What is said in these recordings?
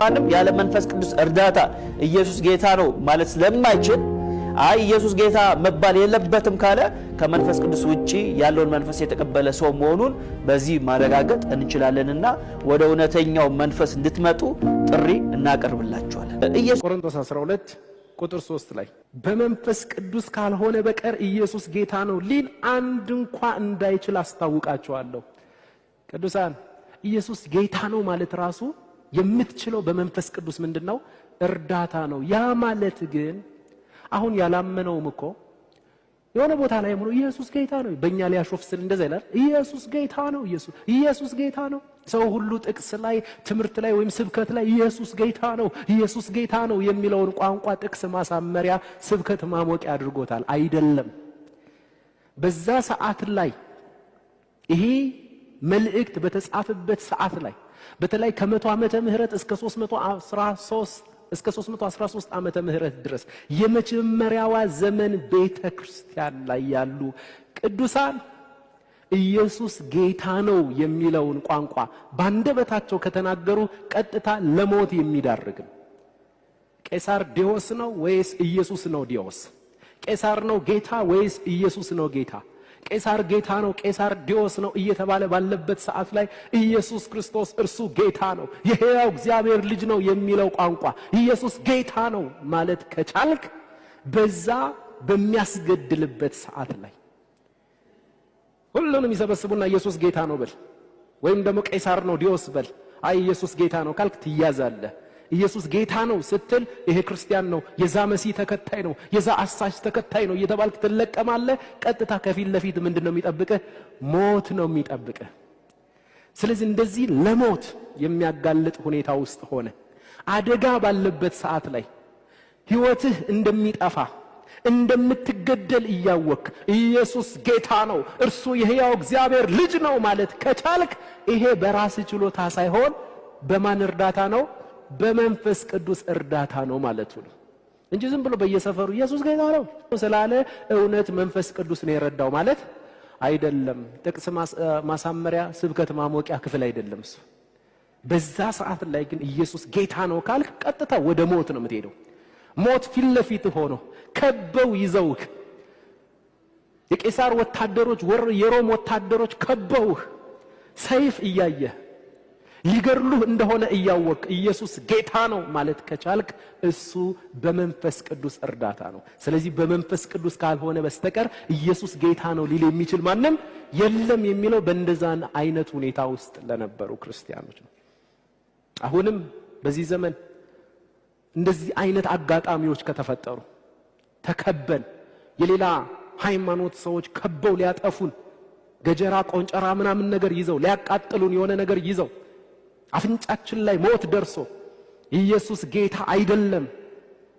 ማንም ያለ መንፈስ ቅዱስ እርዳታ ኢየሱስ ጌታ ነው ማለት ስለማይችል አይ ኢየሱስ ጌታ መባል የለበትም ካለ ከመንፈስ ቅዱስ ውጪ ያለውን መንፈስ የተቀበለ ሰው መሆኑን በዚህ ማረጋገጥ እንችላለንና ወደ እውነተኛው መንፈስ እንድትመጡ ጥሪ እናቀርብላችኋለን። ቆሮንቶስ 12 ቁጥር 3 ላይ በመንፈስ ቅዱስ ካልሆነ በቀር ኢየሱስ ጌታ ነው ሊል አንድ እንኳ እንዳይችል አስታውቃቸዋለሁ። ቅዱሳን ኢየሱስ ጌታ ነው ማለት ራሱ የምትችለው በመንፈስ ቅዱስ ምንድን ነው እርዳታ ነው። ያ ማለት ግን አሁን ያላመነውም እኮ የሆነ ቦታ ላይ ሆኖ ኢየሱስ ጌታ ነው በእኛ ላይ ያሾፍ ስል እንደዛ ይላል። ኢየሱስ ጌታ ነው፣ ኢየሱስ ጌታ ነው። ሰው ሁሉ ጥቅስ ላይ ትምህርት ላይ ወይም ስብከት ላይ ኢየሱስ ጌታ ነው፣ ኢየሱስ ጌታ ነው የሚለውን ቋንቋ ጥቅስ ማሳመሪያ ስብከት ማሞቂያ አድርጎታል። አይደለም በዛ ሰዓት ላይ ይሄ መልእክት በተጻፈበት ሰዓት ላይ በተለይ ከመቶ ዓመተ ምህረት እስከ 313 እስከ 313 ዓመተ ምህረት ድረስ የመጀመሪያዋ ዘመን ቤተ ክርስቲያን ላይ ያሉ ቅዱሳን ኢየሱስ ጌታ ነው የሚለውን ቋንቋ ባንደበታቸው ከተናገሩ ቀጥታ ለሞት የሚዳርግ ቄሳር ዲዮስ ነው ወይስ ኢየሱስ ነው ዲዮስ? ቄሳር ነው ጌታ ወይስ ኢየሱስ ነው ጌታ? ቄሳር ጌታ ነው፣ ቄሳር ዲዮስ ነው እየተባለ ባለበት ሰዓት ላይ ኢየሱስ ክርስቶስ እርሱ ጌታ ነው፣ የሕያው እግዚአብሔር ልጅ ነው የሚለው ቋንቋ ኢየሱስ ጌታ ነው ማለት ከቻልክ በዛ በሚያስገድልበት ሰዓት ላይ ሁሉንም ይሰበስቡና ኢየሱስ ጌታ ነው በል፣ ወይም ደግሞ ቄሳር ነው ዲዮስ በል። አይ ኢየሱስ ጌታ ነው ካልክ ትያዛለህ። ኢየሱስ ጌታ ነው ስትል ይሄ ክርስቲያን ነው፣ የዛ መሲህ ተከታይ ነው፣ የዛ አሳች ተከታይ ነው እየተባልክ ትለቀማለህ። ቀጥታ ከፊት ለፊት ምንድን ነው የሚጠብቅህ? ሞት ነው የሚጠብቅህ። ስለዚህ እንደዚህ ለሞት የሚያጋልጥ ሁኔታ ውስጥ ሆነ አደጋ ባለበት ሰዓት ላይ ህይወትህ እንደሚጠፋ እንደምትገደል እያወክ ኢየሱስ ጌታ ነው፣ እርሱ የሕያው እግዚአብሔር ልጅ ነው ማለት ከቻልክ ይሄ በራስ ችሎታ ሳይሆን በማን እርዳታ ነው? በመንፈስ ቅዱስ እርዳታ ነው ማለቱ ነው እንጂ ዝም ብሎ በየሰፈሩ ኢየሱስ ጌታ ነው ስላለ እውነት መንፈስ ቅዱስ ነው የረዳው ማለት አይደለም። ጥቅስ ማሳመሪያ፣ ስብከት ማሞቂያ ክፍል አይደለም እሱ። በዛ ሰዓት ላይ ግን ኢየሱስ ጌታ ነው ካልክ ቀጥታ ወደ ሞት ነው የምትሄደው። ሞት ፊት ለፊት ሆኖ ከበው ይዘውህ፣ የቄሳር ወታደሮች፣ የሮም ወታደሮች ከበውህ፣ ሰይፍ እያየህ ሊገድሉህ እንደሆነ እያወቅ ኢየሱስ ጌታ ነው ማለት ከቻልክ እሱ በመንፈስ ቅዱስ እርዳታ ነው። ስለዚህ በመንፈስ ቅዱስ ካልሆነ በስተቀር ኢየሱስ ጌታ ነው ሊል የሚችል ማንም የለም የሚለው በእንደዛን አይነት ሁኔታ ውስጥ ለነበሩ ክርስቲያኖች ነው። አሁንም በዚህ ዘመን እንደዚህ አይነት አጋጣሚዎች ከተፈጠሩ ተከበን የሌላ ሃይማኖት ሰዎች ከበው ሊያጠፉን ገጀራ ቆንጨራ ምናምን ነገር ይዘው ሊያቃጥሉን የሆነ ነገር ይዘው አፍንጫችን ላይ ሞት ደርሶ ኢየሱስ ጌታ አይደለም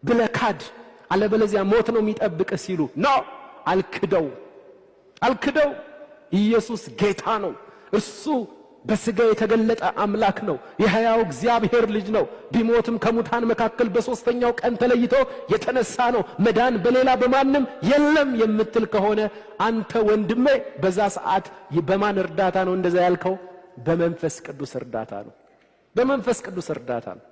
ብለካድ ካድ፣ አለበለዚያ ሞት ነው የሚጠብቅ ሲሉ ኖ አልክደው አልክደው። ኢየሱስ ጌታ ነው። እሱ በስጋ የተገለጠ አምላክ ነው። የሕያው እግዚአብሔር ልጅ ነው። ቢሞትም ከሙታን መካከል በሦስተኛው ቀን ተለይቶ የተነሳ ነው። መዳን በሌላ በማንም የለም የምትል ከሆነ አንተ ወንድሜ፣ በዛ ሰዓት በማን እርዳታ ነው እንደዛ ያልከው? በመንፈስ ቅዱስ እርዳታ ነው። በመንፈስ ቅዱስ እርዳታ ነው።